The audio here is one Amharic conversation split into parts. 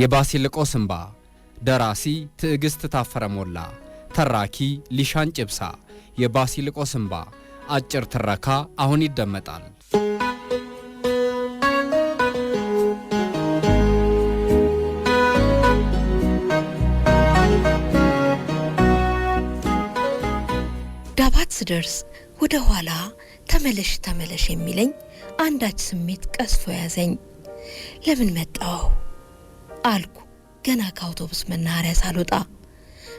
የባሲልቆስ እንባ ደራሲ ትዕግስት ታፈረ ሞላ፣ ተራኪ ሊሻን ጭብሳ። የባሲልቆስ እንባ አጭር ትረካ አሁን ይደመጣል። ዳባት ስደርስ ወደ ኋላ ተመለሽ ተመለሽ የሚለኝ አንዳች ስሜት ቀስፎ ያዘኝ። ለምን መጣው አልኩ ገና ከአውቶቡስ መናኸሪያ ሳልወጣ።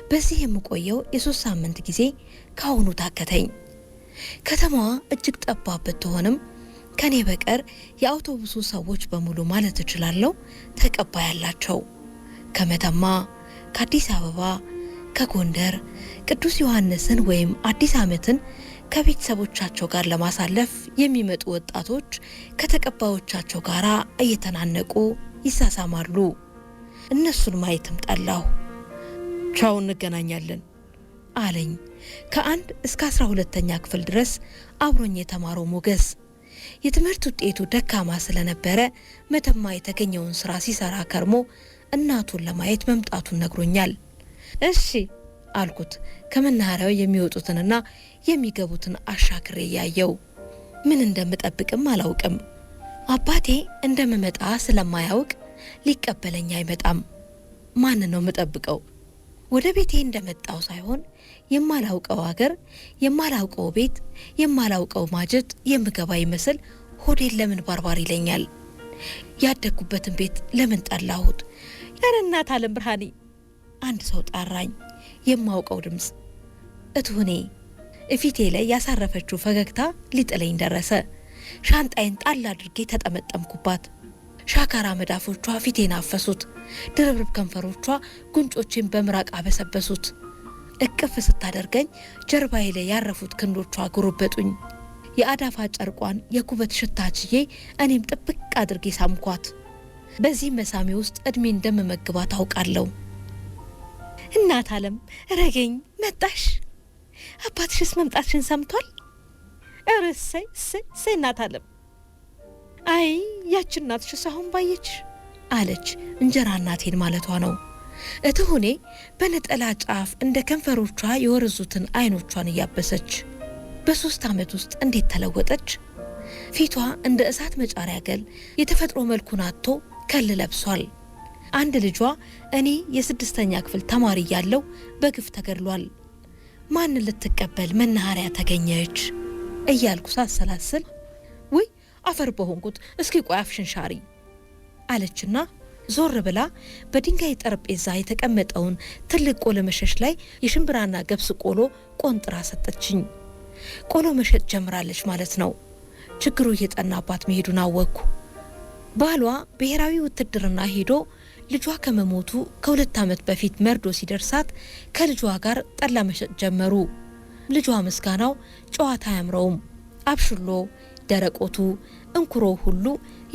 በዚህ የምቆየው የሶስት ሳምንት ጊዜ ከአሁኑ ታከተኝ። ከተማዋ እጅግ ጠባብ ብትሆንም ከኔ በቀር የአውቶቡሱ ሰዎች በሙሉ ማለት እችላለሁ ተቀባይ ያላቸው ከመተማ፣ ከአዲስ አበባ፣ ከጎንደር ቅዱስ ዮሐንስን ወይም አዲስ ዓመትን ከቤተሰቦቻቸው ጋር ለማሳለፍ የሚመጡ ወጣቶች ከተቀባዮቻቸው ጋር እየተናነቁ ይሳሳማሉ። እነሱን ማየትም ጠላሁ። ቻው እንገናኛለን አለኝ። ከአንድ እስከ አስራ ሁለተኛ ክፍል ድረስ አብሮኝ የተማረው ሞገስ የትምህርት ውጤቱ ደካማ ስለነበረ መተማ የተገኘውን ስራ ሲሰራ ከርሞ እናቱን ለማየት መምጣቱን ነግሮኛል። እሺ አልኩት፣ ከመናኸሪያው የሚወጡትንና የሚገቡትን አሻክሬ እያየው ምን እንደምጠብቅም አላውቅም። አባቴ እንደምመጣ ስለማያውቅ ሊቀበለኝ አይመጣም። ማን ነው የምጠብቀው? ወደ ቤቴ እንደመጣው ሳይሆን የማላውቀው አገር፣ የማላውቀው ቤት፣ የማላውቀው ማጀት የምገባ ይመስል ሆዴን ለምን ባርባር ይለኛል? ያደግኩበትን ቤት ለምን ጠላሁት? ያን እናት አለም ብርሃኔ አንድ ሰው ጣራኝ። የማውቀው ድምፅ እትሁኔ እፊቴ ላይ ያሳረፈችው ፈገግታ ሊጥለኝ ደረሰ። ሻንጣዬን ጣል አድርጌ ተጠመጠምኩባት። ሻካራ መዳፎቿ ፊቴን አፈሱት። ድርብርብ ከንፈሮቿ ጉንጮችን በምራቅ አበሰበሱት። እቅፍ ስታደርገኝ ጀርባዬ ላይ ያረፉት ክንዶቿ ጎረበጡኝ። የአዳፋ ጨርቋን የኩበት ሽታ ችዬ እኔም ጥብቅ አድርጌ ሳምኳት። በዚህ መሳሜ ውስጥ እድሜ እንደምመግባ ታውቃለሁ። እናት አለም ረገኝ መጣሽ። አባትሽስ መምጣትሽን ሰምቷል? እረ ሰይ ሰይ እናት አለም አይ ያች እናትሽስ ሳሁን ባየች አለች። እንጀራ እናቴን ማለቷ ነው። እትሁኔ በነጠላ ጫፍ እንደ ከንፈሮቿ የወረዙትን አይኖቿን እያበሰች በሦስት ዓመት ውስጥ እንዴት ተለወጠች! ፊቷ እንደ እሳት መጫሪያ ገል የተፈጥሮ መልኩን አጥቶ ከል ለብሷል። አንድ ልጇ እኔ የስድስተኛ ክፍል ተማሪ እያለው በግፍ ተገድሏል። ማን ልትቀበል መናኸሪያ ተገኘች እያልኩ ሳሰላስል ውይ አፈር በሆንኩት። እስኪ ቆይ ሽንሻሪ አለችና ዞር ብላ በድንጋይ ጠረጴዛ የተቀመጠውን ትልቅ ቆሎ መሸሽ ላይ የሽምብራና ገብስ ቆሎ ቆንጥራ ሰጠችኝ። ቆሎ መሸጥ ጀምራለች ማለት ነው። ችግሩ እየጠናባት መሄዱን አወቅኩ። ባሏ ብሔራዊ ውትድርና ሄዶ ልጇ ከመሞቱ ከሁለት ዓመት በፊት መርዶ ሲደርሳት ከልጇ ጋር ጠላ መሸጥ ጀመሩ። ልጇ ምስጋናው ጨዋታ አያምረውም፣ አብሽሎ ደረቆቱ፣ እንኩሮ ሁሉ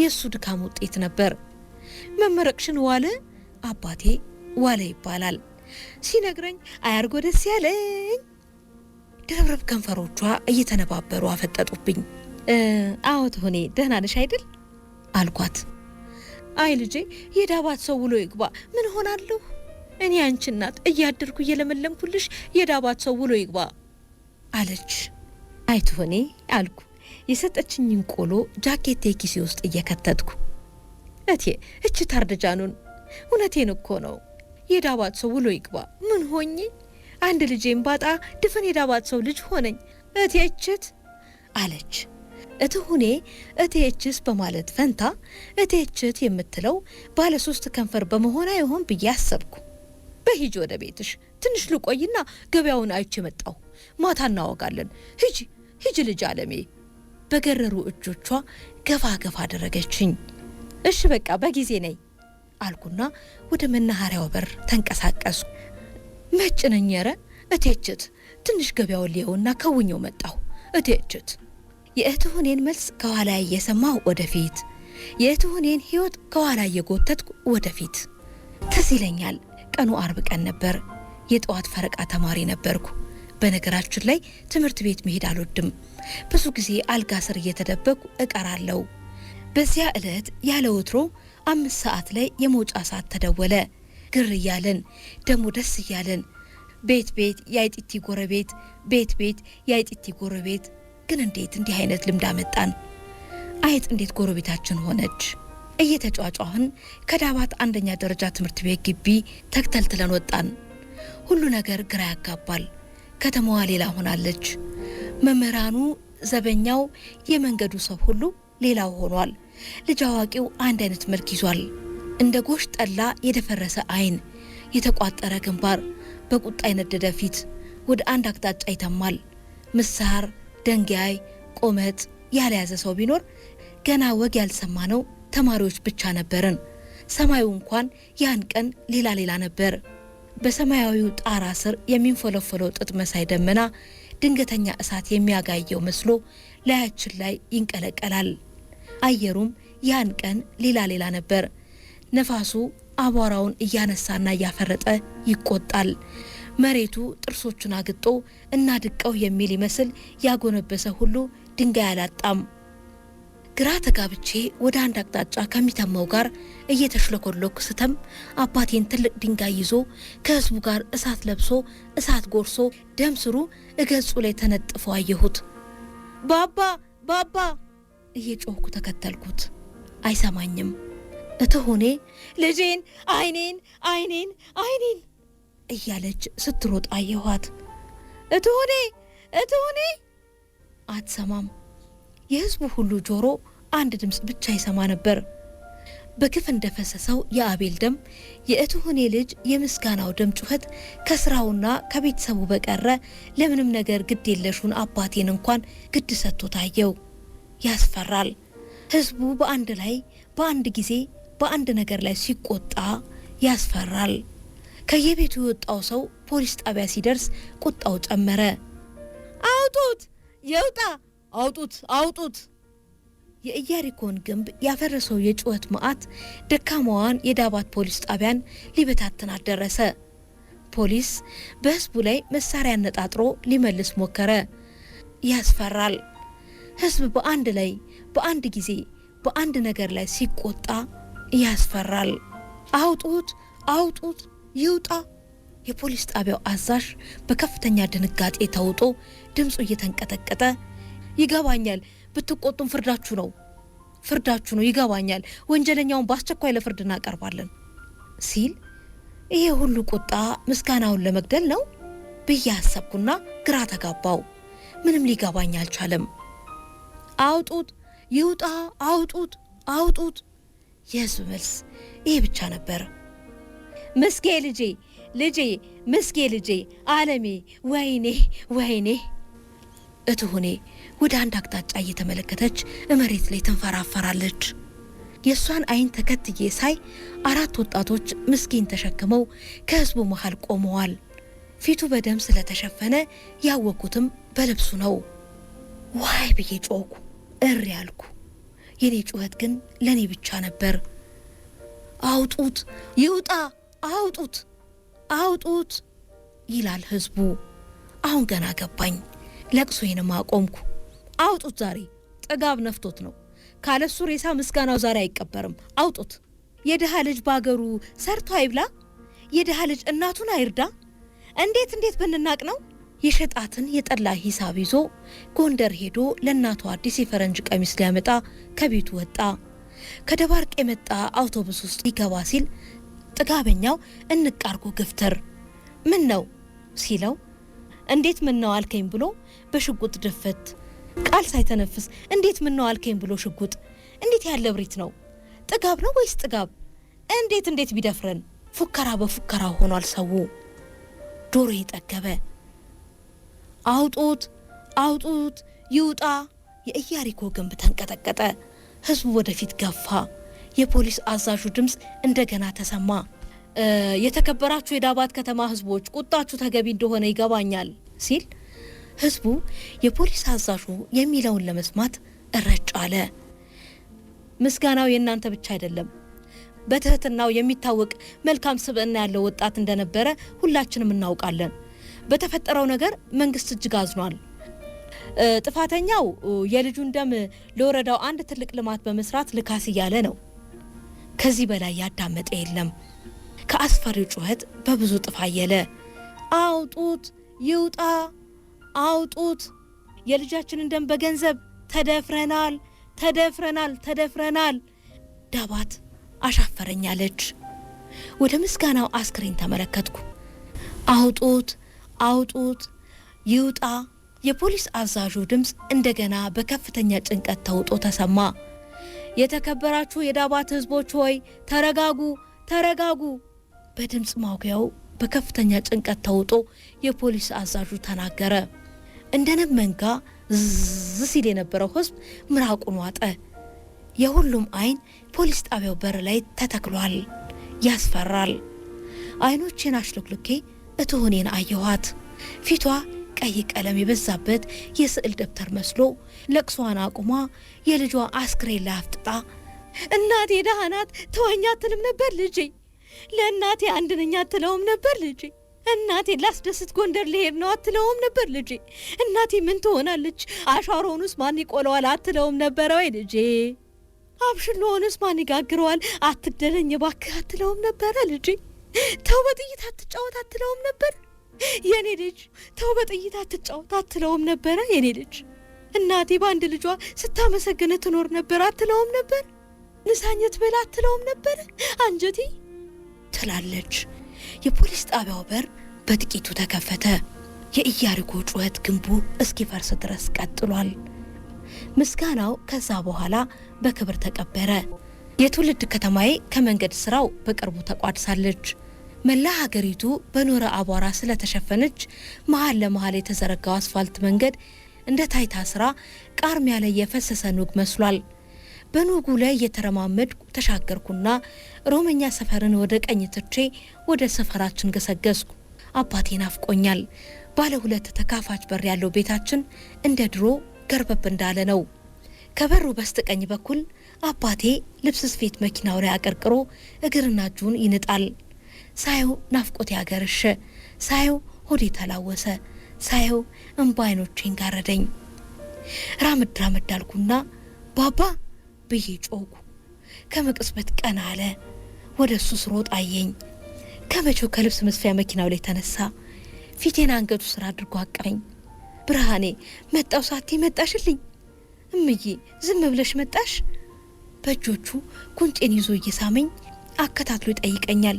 የእሱ ድካም ውጤት ነበር። መመረቅሽን ዋለ አባቴ ዋለ ይባላል ሲነግረኝ አያርጎ ደስ ያለኝ። ድርብርብ ከንፈሮቿ እየተነባበሩ አፈጠጡብኝ። አዎ ትሆኔ ደህና ነሽ አይደል አልኳት። አይ ልጄ የዳባት ሰው ውሎ ይግባ ምን ሆናለሁ እኔ አንቺ እናት እያደርኩ እየለመለምኩልሽ የዳባት ሰው ውሎ ይግባ አለች። አይ ትሆኔ አልኩ። የሰጠችኝን ቆሎ ጃኬቴ ኪሴ ውስጥ እየከተትኩ እቴ እች ታርደጃኑን እውነቴን እኮ ነው። የዳባት ሰው ውሎ ይግባ ምን ሆኜ አንድ ልጄን ባጣ ድፍን የዳባት ሰው ልጅ ሆነኝ እቴ እችት አለች። እትሁኔ እቴ እችስ በማለት ፈንታ እቴ እችት የምትለው ባለ ሶስት ከንፈር በመሆና ይሆን ብዬ አሰብኩ። በሂጂ ወደ ቤትሽ ትንሽ ልቆይና ገበያውን አይቼ መጣሁ። ማታ እናወጋለን። ሂጂ ሂጂ ልጅ አለሜ በገረሩ እጆቿ ገፋ ገፋ አደረገችኝ። እሺ በቃ በጊዜ ነኝ አልኩና ወደ መናኸሪያው በር ተንቀሳቀስኩ። መጭነኝ ኧረ እቴችት ትንሽ ገበያውን ሊየውና ከውኘው መጣሁ። እቴችት የእህትሁኔን መልስ ከኋላ እየሰማሁ ወደፊት፣ የእትሁኔን ህይወት ከኋላ እየጎተትኩ ወደፊት። ትዝ ይለኛል ቀኑ አርብ ቀን ነበር። የጠዋት ፈረቃ ተማሪ ነበርኩ። በነገራችን ላይ ትምህርት ቤት መሄድ አልወድም። ብዙ ጊዜ አልጋ ስር እየተደበኩ እቀራለሁ። በዚያ ዕለት ያለ ወትሮ አምስት ሰዓት ላይ የመውጫ ሰዓት ተደወለ። ግር እያለን ደሞ ደስ እያለን ቤት ቤት የአይጢቲ ጎረቤት ቤት ቤት የአይጢቲ ጎረቤት። ግን እንዴት እንዲህ አይነት ልምድ አመጣን? አይጥ እንዴት ጎረቤታችን ሆነች? እየተጫጫህን ከዳባት አንደኛ ደረጃ ትምህርት ቤት ግቢ ተክተልትለን ወጣን። ሁሉ ነገር ግራ ያጋባል። ከተማዋ ሌላ ሆናለች። መምህራኑ፣ ዘበኛው፣ የመንገዱ ሰው ሁሉ ሌላው ሆኗል። ልጅ አዋቂው አንድ አይነት መልክ ይዟል። እንደ ጎሽ ጠላ የደፈረሰ አይን፣ የተቋጠረ ግንባር፣ በቁጣ የነደደ ፊት ወደ አንድ አቅጣጫ ይተማል። ምሳር፣ ደንጋይ፣ ቆመጥ ያልያዘ ሰው ቢኖር ገና ወግ ያልሰማ ነው ተማሪዎች ብቻ ነበርን። ሰማዩ እንኳን ያን ቀን ሌላ ሌላ ነበር። በሰማያዊው ጣራ ስር የሚንፈለፈለው ጥጥ መሳይ ደመና ድንገተኛ እሳት የሚያጋየው መስሎ ላያችን ላይ ይንቀለቀላል። አየሩም ያን ቀን ሌላ ሌላ ነበር። ነፋሱ አቧራውን እያነሳና እያፈረጠ ይቆጣል። መሬቱ ጥርሶቹን አግጦ እና ድቀው የሚል ይመስል ያጎነበሰ ሁሉ ድንጋይ አላጣም። ግራ ተጋብቼ ወደ አንድ አቅጣጫ ከሚተማው ጋር እየተሽለኮለኩ ስተም አባቴን ትልቅ ድንጋይ ይዞ ከህዝቡ ጋር እሳት ለብሶ እሳት ጎርሶ ደም ስሩ እገጹ ላይ ተነጥፎ አየሁት። ባባ ባባ እየጮኩ ተከተልኩት። አይሰማኝም። እትሆኔ ልጄን አይኔን አይኔን አይኔን እያለች ስትሮጥ አየኋት። እትሆኔ እትሆኔ አትሰማም። የህዝቡ ሁሉ ጆሮ አንድ ድምፅ ብቻ ይሰማ ነበር። በግፍ እንደፈሰሰው የአቤል ደም፣ የእትሁኔ ልጅ የምስጋናው ደም ጩኸት ከስራውና ከቤተሰቡ በቀረ ለምንም ነገር ግድ የለሹን አባቴን እንኳን ግድ ሰጥቶ ታየው። ያስፈራል። ህዝቡ በአንድ ላይ በአንድ ጊዜ በአንድ ነገር ላይ ሲቆጣ ያስፈራል። ከየቤቱ የወጣው ሰው ፖሊስ ጣቢያ ሲደርስ ቁጣው ጨመረ። አውጡት! ይውጣ! አውጡት አውጡት! የኢያሪኮን ግንብ ያፈረሰው የጩኸት መዓት ደካማዋን የዳባት ፖሊስ ጣቢያን ሊበታትናት ደረሰ። ፖሊስ በህዝቡ ላይ መሳሪያ አነጣጥሮ ሊመልስ ሞከረ። ያስፈራል። ህዝብ በአንድ ላይ በአንድ ጊዜ በአንድ ነገር ላይ ሲቆጣ ያስፈራል። አውጡት አውጡት! ይውጣ! የፖሊስ ጣቢያው አዛዥ በከፍተኛ ድንጋጤ ተውጦ ድምፁ እየተንቀጠቀጠ ይገባኛል። ብትቆጡም ፍርዳችሁ ነው ፍርዳችሁ ነው ይገባኛል። ወንጀለኛውን በአስቸኳይ ለፍርድ እናቀርባለን ሲል ይሄ ሁሉ ቁጣ ምስጋናውን ለመግደል ነው ብዬ አሰብኩና ግራ ተጋባው። ምንም ሊገባኝ አልቻለም። አውጡት፣ ይውጣ፣ አውጡት፣ አውጡት። የህዝብ መልስ ይሄ ብቻ ነበር። ምስጌ ልጄ፣ ልጄ፣ ምስጌ ልጄ፣ አለሜ፣ ወይኔ፣ ወይኔ፣ እትሁኔ ወደ አንድ አቅጣጫ እየተመለከተች መሬት ላይ ትንፈራፈራለች። የእሷን አይን ተከትዬ ሳይ አራት ወጣቶች ምስኪን ተሸክመው ከህዝቡ መሃል ቆመዋል። ፊቱ በደም ስለተሸፈነ ያወቁትም በልብሱ ነው። ዋይ ብዬ ጮኩ፣ እሪ ያልኩ። የኔ ጩኸት ግን ለእኔ ብቻ ነበር። አውጡት! ይውጣ! አውጡት! አውጡት! ይላል ህዝቡ። አሁን ገና ገባኝ። ለቅሶዬንም አቆምኩ። አውጡት። ዛሬ ጥጋብ ነፍቶት ነው። ካለሱ ሬሳ ምስጋናው ዛሬ አይቀበርም። አውጡት። የድሃ ልጅ በአገሩ ሰርቶ አይብላ፣ የድሃ ልጅ እናቱን አይርዳ። እንዴት እንዴት ብንናቅ ነው? የሸጣትን የጠላ ሂሳብ ይዞ ጎንደር ሄዶ ለእናቱ አዲስ የፈረንጅ ቀሚስ ሊያመጣ ከቤቱ ወጣ። ከደባርቅ የመጣ አውቶቡስ ውስጥ ሊገባ ሲል ጥጋበኛው እንቃርጎ ገፍተር ምን ነው ሲለው እንዴት ምን ነው አልከኝ ብሎ በሽጉጥ ድፍት ቃል ሳይተነፍስ እንዴት ምን ነው አልከኝ ብሎ ሽጉጥ እንዴት ያለ እብሪት ነው! ጥጋብ ነው ወይስ ጥጋብ? እንዴት እንዴት ቢደፍረን! ፉከራ በፉከራ ሆኗል ሰው። ዶሮ የጠገበ አውጡት አውጡት ይውጣ! የኢያሪኮ ግንብ ተንቀጠቀጠ። ህዝቡ ወደፊት ገፋ። የፖሊስ አዛዡ ድምፅ እንደገና ተሰማ። የተከበራችሁ የዳባት ከተማ ህዝቦች ቁጣችሁ ተገቢ እንደሆነ ይገባኛል ሲል ህዝቡ የፖሊስ አዛዡ የሚለውን ለመስማት እረጭ አለ። ምስጋናው የእናንተ ብቻ አይደለም። በትህትናው የሚታወቅ መልካም ስብዕና ያለው ወጣት እንደነበረ ሁላችንም እናውቃለን። በተፈጠረው ነገር መንግስት እጅግ አዝኗል። ጥፋተኛው የልጁን ደም ለወረዳው አንድ ትልቅ ልማት በመስራት ልካስ እያለ ነው። ከዚህ በላይ ያዳመጠ የለም። ከአስፈሪው ጩኸት በብዙ ጥፋ አየለ። አውጡት፣ ይውጣ አውጡት። የልጃችንን ደም በገንዘብ ተደፍረናል፣ ተደፍረናል፣ ተደፍረናል። ዳባት አሻፈረኛለች ወደ ምስጋናው አስክሬን ተመለከትኩ። አውጡት፣ አውጡት፣ ይውጣ። የፖሊስ አዛዡ ድምፅ እንደገና በከፍተኛ ጭንቀት ተውጦ ተሰማ። የተከበራችሁ የዳባት ህዝቦች ሆይ ተረጋጉ፣ ተረጋጉ። በድምፅ ማጉያው በከፍተኛ ጭንቀት ተውጦ የፖሊስ አዛዡ ተናገረ። እንደ ንብ መንጋ ዝዝ ሲል የነበረው ህዝብ ምራቁን ዋጠ። የሁሉም አይን ፖሊስ ጣቢያው በር ላይ ተተክሏል። ያስፈራል። አይኖቼን አሽሎክልኬ እትሁኔን አየኋት። ፊቷ ቀይ ቀለም የበዛበት የስዕል ደብተር መስሎ ለቅሷን አቁሟ የልጇ አስክሬን ላይ አፍጥጣ እናቴ ደህና ናት፣ ተወኝ አትልም ነበር ልጄ። ለእናቴ አንድ ነኝ አትለውም ነበር ልጄ። እናቴ ላስደስት ጎንደር ልሄድ ነው አትለውም ነበር ልጄ? እናቴ ምን ትሆናለች አሻሮንስ ማን ይቆለዋል አትለውም ነበረ ወይ ልጄ? አብሽሎንስ ማን ይጋግረዋል አትደለኝ ባክ አትለውም ነበረ ልጄ? ተው በጥይት አትጫወት አትለውም ነበር የኔ ልጅ? ተው በጥይት አትጫወት አትለውም ነበረ የኔ ልጅ? እናቴ በአንድ ልጇ ስታመሰግን ትኖር ነበር አትለውም ነበር? ንሳኘት በላ አትለውም ነበር አንጀቴ ትላለች የፖሊስ ጣቢያው በር በጥቂቱ ተከፈተ። የኢያሪኮ ጩኸት ግንቡ እስኪፈርስ ድረስ ቀጥሏል። ምስጋናው ከዛ በኋላ በክብር ተቀበረ። የትውልድ ከተማዬ ከመንገድ ስራው በቅርቡ ተቋድሳለች። መላ ሀገሪቱ በኖረ አቧራ ስለተሸፈነች መሀል ለመሀል የተዘረጋው አስፋልት መንገድ እንደ ታይታ ስራ ቃርሚያ ላይ የፈሰሰ ኑግ መስሏል። በኑጉ ላይ እየተረማመድኩ ተሻገርኩና ሮመኛ ሰፈርን ወደ ቀኝ ትቼ ወደ ሰፈራችን ገሰገስኩ። አባቴ ናፍቆኛል። ባለ ሁለት ተካፋች በር ያለው ቤታችን እንደ ድሮ ገርበብ እንዳለ ነው። ከበሩ በስተቀኝ በኩል አባቴ ልብስ ስፌት መኪናው ላይ አቀርቅሮ እግርና እጁን ይንጣል። ሳየው ናፍቆቴ ያገረሸ፣ ሳየው ሆዴ ተላወሰ፣ ሳየው እምባ አይኖቼን ጋረደኝ። ራምድ ራምድ አልኩና ባባ ብዬ ጮኩ። ከመቅጽበት ቀን አለ። ወደ እሱ ስሮጥ አየኝ። ከመቼው ከልብስ መስፊያ መኪናው ላይ ተነሳ። ፊቴን አንገቱ ስራ አድርጎ አቀፈኝ። ብርሃኔ መጣው ሳቴ መጣሽልኝ፣ እምዬ ዝም ብለሽ መጣሽ። በእጆቹ ጉንጬን ይዞ እየሳመኝ አከታትሎ ይጠይቀኛል።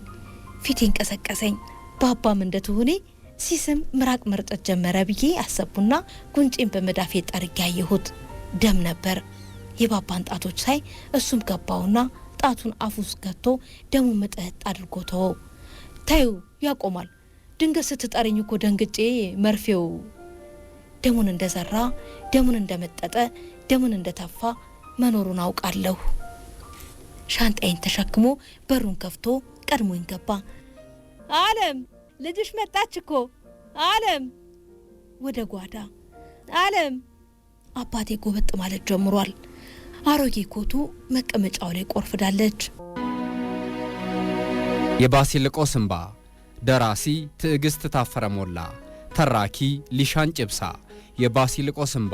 ፊቴን ቀሰቀሰኝ። ባባም እንደትሆኔ ሲስም ምራቅ መርጠት ጀመረ ብዬ አሰብኩና ጉንጬን በመዳፌ ጠርጌ አየሁት። ደም ነበር። የባባን ጣቶች ሳይ እሱም ገባውና ጣቱን አፉ ውስጥ ገብቶ ደሙ መጠጥ አድርጎ ተወው። ታዩ ያቆማል። ድንገት ስትጠረኝ እኮ ደንግጬ መርፌው ደሙን እንደዘራ ደሙን እንደመጠጠ ደሙን እንደተፋ መኖሩን አውቃለሁ። ሻንጣይን ተሸክሞ በሩን ከፍቶ ቀድሞኝ ገባ። አለም ልጅሽ መጣች እኮ አለም። ወደ ጓዳ አለም አባቴ ጎበጥ ማለት ጀምሯል። አሮጌ ኮቱ መቀመጫው ላይ ቆርፍዳለች። የባሲልቆስ እንባ ደራሲ ትዕግስት ታፈረ ሞላ፣ ተራኪ ሊሻን ጭብሳ። የባሲልቆስ እንባ